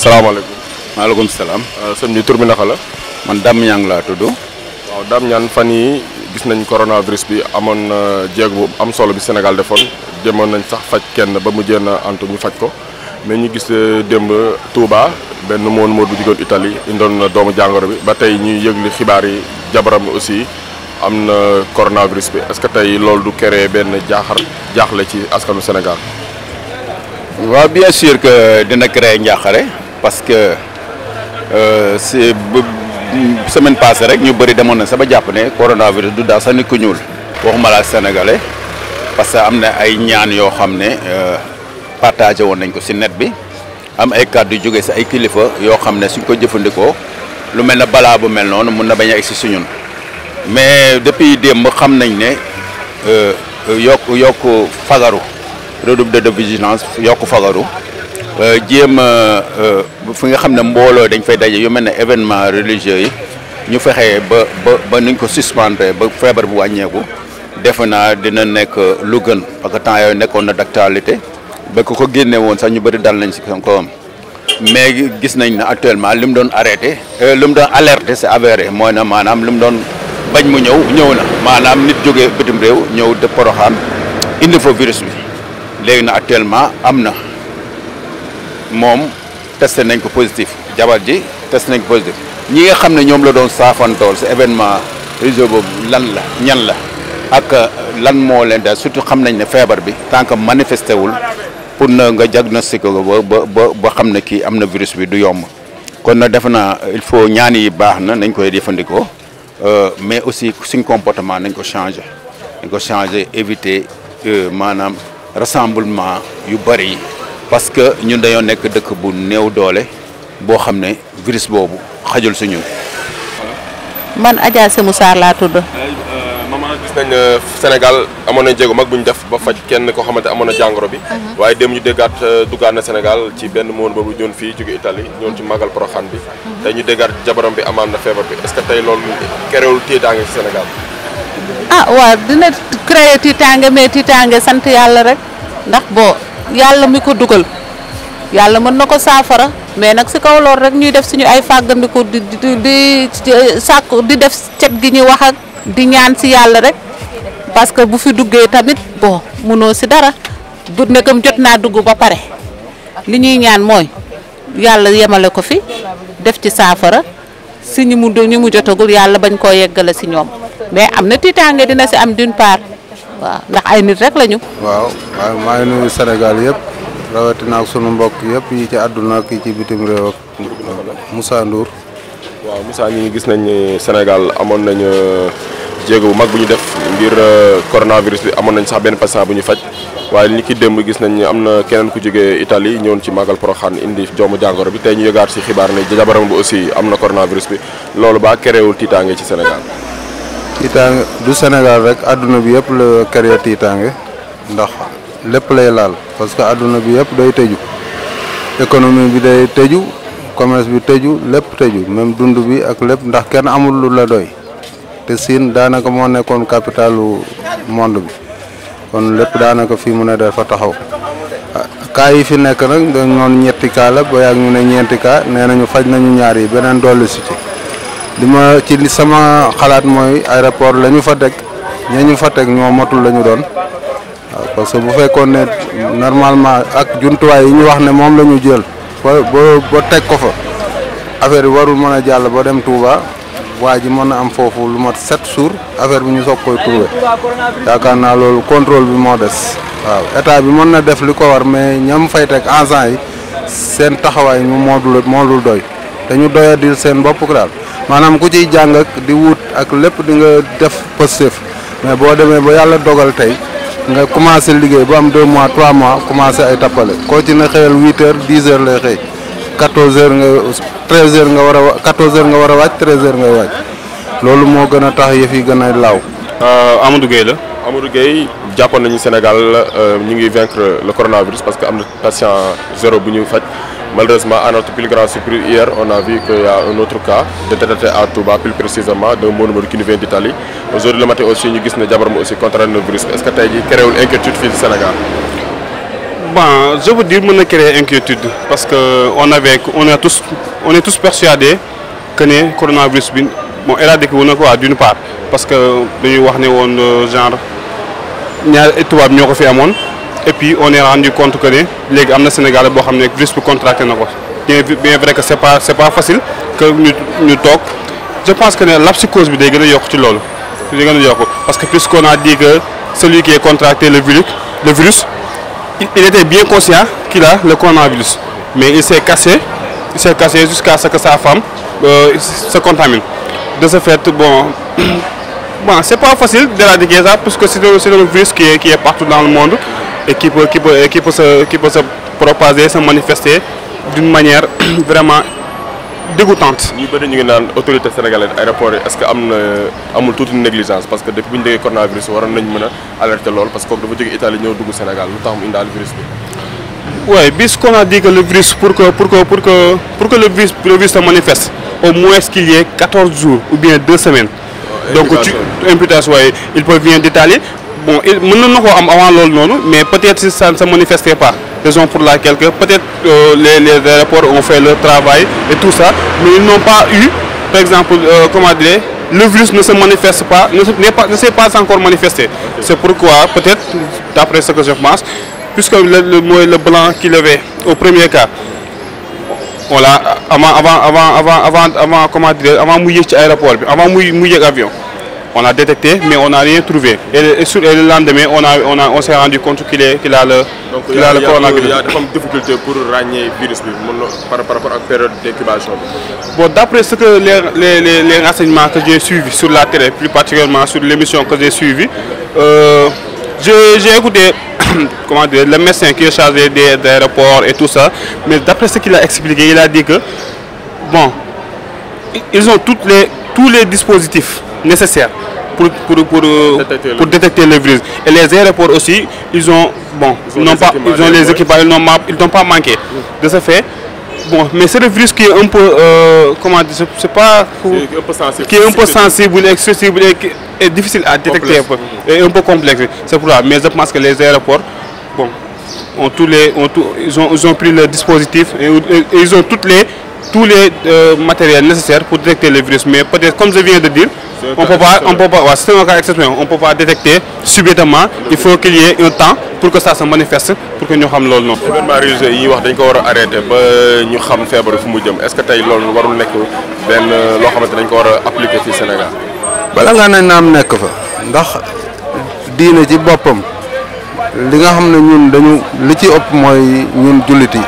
salaamaaleykum. maaleykum salaam. Euh, sëñ bi tur bi man Dame Niang laa tudd. waaw Dame Niang fan yi gis nañ coronavirus bi amoon na jéeg bu am solo bi Sénégal defoon demoon nañ sax faj kenn ba mu jéem a antu ñu faj ko mais ñu gis euh, démb Touba benn moon moor bu jugoon Italie indoon na doomu jàngoro bi ba tey ñuy yëgli xibaar yi jabaram aussi am na coronavirus bi est que tey loolu du créer benn jaaxar jaaxle ci askanu Sénégal. waa bien sûr que dina créer njaaxare. parce que euh, c'est semaine passé rek ñu bëri demoon na sa jàpp ne coronavirus du daal ku ñuul waxuma laa sénégalais parce que am na ay ñaan yoo xam ne euh, partagé woon nañ ko si net bi am ay kàddu yu jógee ci ay kilifa yoo xam ne suñ ko jëfandikoo lu mel ne balaa bu mel noonu mun na bañ a egsi si ñun mais depuis démb xam nañ ne euh, yokk yokk fagaru redouble de vigilance yokk fagaru jéem a fi nga xam ne mbooloo dañ fay daje yu mel ne événement religieux yi ñu fexe ba ba ba nuñ ko suspendre ba feebar bu wàññeeku defe naa dina nekk lu gën parce que temps yooyu nekkoon na d'actualité ba ko génne woon sax ñu bëri dal nañ si kawam mais gis nañ ne actuellement li mu doon arrêté euh, li mu doon alerte c'est avéré mooy na maanaam li mu doon bañ mu ñëw ñëw na maanaam nit jógee bitim réew ñëw de Porokhane indi fa virus bi léegi na actuellement am na moom testé nañ ko positif jabar ji testé nañ ko positif ñi nga xam ne ñoom la doon saafantool si événement réseau boobu lan la ñan la ak euh, lan moo leen daal surtout xam nañ ne feebar bi tant que manifesté wul pour na nga diagnostiqué ko ba ba ba xam ne kii am na virus bi du yomb kon na defe na il faut ñaan yi baax na nañ koy jëfandikoo euh, mais aussi siñ comportement nañ ko changé dañ ko changé éviter euh, maanaam rassemblement yu bëri yi parce que ñun dañoo nekk dëkk bu néew doole boo xam ne virus boobu xajul suñu man Adja Sémou Sarr laa tudd. maman gis nañ Sénégal amoon na jéego mag bu ñu def ba faj kenn koo xamante amoon a jàngoro bi. Mhm. waaye dem ñu déggaat euh, duggaat na Sénégal ci benn moon boobu ñoon fii jóge Italie ñoon ci màggal Poroxaan bi. Mhm. tey ñu déggaat jabaram bi amaan na feebar bi est que tey lool kereewul tiitaange ci Sénégal. ah waaw dina créé tiitaange mais tiitaange sant yàlla rek ndax boo. yàlla mi ko dugal yàlla mën na ko saafara mais nag si kaw lool rek ñuy def suñu ay fàggandiku di di sàkk di def cet gi ñuy wax ak di ñaan si yàlla rek parce que bu fi duggee tamit bon munoo si dara bu nekkam jot naa dugg ba pare li ñuy ñaan mooy yàlla yemale ko fi def ci saafara si ñi mu ñu mu jotagul yàlla bañ koo yeggale si ñoom mais am na tiitaange dina si am d'une part waaw ndax ay nit rek lañu. waaw waaw maa ngi nuyu Sénégal yëpp rawatina ak sunu mbokk yëpp yi ci àdduna ki ci bitim réew ak Moussa Ndour. waaw Moussa ñi ngi gis nañ ni Sénégal amoon nañu euh, jéego bu mag bu ñu def ngir euh, coronavirus bi amoon nañ sax benn patient bu ñu faj waaye ñu ki démb gis nañ am na keneen ku jógee Italie ñëwoon ci màggal Poroxaan indi joomu jàngoro bi tey ñu yëgaat si xibaar ne jabaram bu aussi am na coronavirus bi loolu baa kereewul tiitaange ci Sénégal. tiitaange du Sénégal rek àdduna bi yëpp la créé tiitaange ndax lépp lay laal parce que àdduna bi yëpp day tëju économie bi day tëju commerce bi tëju lépp tëju même dund bi ak lépp ndax kenn amul lu la doy te Chine daanaka moo nekkoon capitalu monde bi kon lépp daanaka fii mu ne dafa taxaw kaa yi fi nekk nag dañ noon ñetti cas la ba yàgg ñu ne ñeenti cas nee nañu faj nañu ñaar yi beneen dolli si li ma ci sama xalaat mooy aéroport la ñu fa teg ñee ñu fa teg ñoo motul la doon waaw parce que bu fekkoon ne normalement ak jumtuwaay yi ñu wax ne moom la ñu jël ba ba teg ko fa affaire yi warul mën a jàll ba dem tuuba waa ji mën a am foofu lu mat sept jours affaire bi ñu soog koy trouvé yaakaar naa loolu contrôle bi moo des waaw état bi mën na def li ko war mais ñam fay teg agent yi seen taxawaay ñu moodul moodul doy te ñu doyadil seen bopp daal maanaam ku ciy jàng ak di wut ak lépp di nga def positif mais boo demee ba yàlla dogal tey nga commencé liggéey ba am 2 mois trois mois commencé ay tappale koo ci ne xëyal 8 heures 10 heures lay xëy 14 heures nga 13 heures nga war a 14 heures nga war a wàcc 13 heures ngay wàcc loolu moo gën a tax yëf yi gën a laaw. Euh, Amadou Gueye la. Amadou Gueye jàppoon nañu Sénégal euh, ñu ngi vaincre le coronavirus parce que am na patient zéro bu ñuy faj. Malheureusement, à notre plus grande surprise, hier, on a vu qu'il y a un autre cas de traité à Touba, plus précisément d'un monument qui nous vient d'Italie. Aujourd'hui, le matin aussi, nous avons Diabaram aussi contraint le virus. Est-ce que tu as créé une inquiétude au Sénégal Bon, je vous dire, on a créé une inquiétude parce qu'on avait, on est tous, on est tous persuadés que le coronavirus, bon, elle a découvert quoi d'une part parce que nous avons euh, genre, il y a Touba, nous avons fait un monde. et puis on est rendu compte que ne léegi am na Sénégalais boo xam ne risque contracté na ko bien vrai que c' pas c' pas facile que ñu ñu je pense que ne l'abscose bi day gën yokk ci loolu. day parce que puisqu'on a dit que celui qui est contracté le virus le virus il était bien conscient qu'il a le coronavirus mais il s'est cassé il s'est cassé jusqu'à ce que sa femme euh, se contamine de ce fait bon bon c'est pas facile d'éradiquer ça parce que c'est un virus et qui peut, qui peut, qui peut, d'une manière vraiment dégoûtante. ñu bëri ñu ngi naan autorité sénégalaise aéroport yi est-ce que am na amul tuuti négligence parce que depuis bu ñu déggee coronavirus waroon nañ mën a lool parce que kooku dafa jóge Italie ñëw dugg Sénégal lu tax mu indaal virus bi. oui puisqu'on a dit que le virus pour que pour que pour que pour que le virus le virus se manifeste au moins qu'il y quatorze jours ou bien deux semaines. Oh, donc tu bon il mën na koo am avant loolu noonu mais peut-être si ça ne se manifestait pas raison pour laquelle que peut-être euh, les les le ont fait tout ça mais ils n'ont pas eu par exemple euh, dire le virus ne se manifeste pas ne se n'est pas ne s'est encore manifesté. Okay. c'est pourquoi peut-être d'après ce que je pense puisque le le mooy le blanc qui levait au premier cas. voilà avan avan avant avant avant comment dire avant mu yéeg ci aéroport bi avant muy mu yéeg avion. On a détecté, mais on n'a rien trouvé. Et le, et le, lendemain, on, a, on, a, on s'est rendu compte qu'il qu a le, Donc, la période d'incubation bon, D'après ce que les, les, que j'ai suivis sur la télé, plus particulièrement sur l'émission que j'ai euh, écouté le médecin qui est chargé des, des aéroports et tout ça, mais d'après ce qu'il a expliqué, il a dit que, ils ont les, tous les dispositifs nécessaires pour pour pour détecter, pour détecter les virus et les aéroports aussi ils ont bon ils n'ont pas ils ont les équipements ils n'ont ils n'ont pas manqué de ce fait bon mais c'est le virus qui est un peu euh, comment dire c'est pas c'est un peu sensible qui et difficile à détecter un peu et c'est pour ça mais je pense que les aéroports bon ont tous les ont tout, ils ont ils ont pris le dispositif et, et ils ont les tous les euh, matériels nécessaires pour détecter le virus mais peut-être comme je viens de dire On peut pas, on peut pas, ouais, c'est un cas exceptionnel. On peut pas détecter Il faut qu'il y un temps pour que ça se manifeste, pour que nous sachions lol non. Événement religieux wax dañ ko wara arrêter ba ñu xam fièvre fi mu jëm. Est-ce que tay lol warul nek ben lo xamanté dañ ko war a appliquer fi Sénégal. Bala nga nañ naam nekk fa ndax diine ci boppam li nga xam ne ñun dañu li ci ëpp mooy ñun jullit yi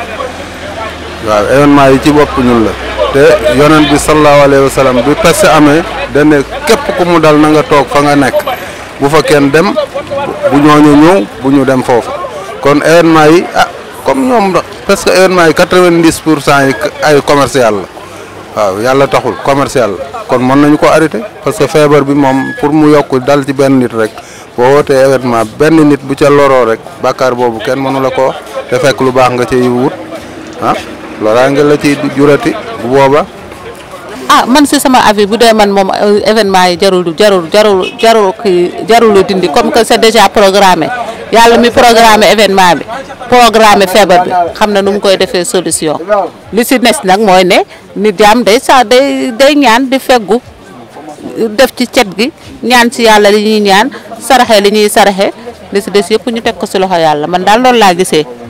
waaw événement yi ci bopp ñun la te yonent bi sallallahu alayhi wa sallam bi peste amee da ne képp ku mu dal na nga toog fa nga nekk bu fa kenn dem bu ñooñu ñëw bu ñu dem foofu kon événement yi ah comme ñoom parce que événement yi quatre vingt pour cent yi ay commercial la waaw yàlla taxul commerciale la kon mën nañu ko arrêté parce que feebar bi moom pour mu yokk dal ci benn nit rek boo wootee événement benn nit bu ca loroo rek bàkkaar boobu kenn mënu la ko te fekk lu baax nga ciy wut ah loraa nga la ciy jurati booba. ah man si sama avis bu dee man moom euh, événement yi jarulu jarul jarul jarul kii jarul dindi comme que se déjà programmé yàlla mi programme événement bi programme feebar bi xam na num koy defee solution li si nes nag mooy ne nit jaam day sa day day ñaan di feggu def ci cet gi ñaan si yàlla li ñuy ñaan saraxe li ñuy saraxe li si des yëpp ñu teg ko si loxo yàlla man daal loolu laa gisee.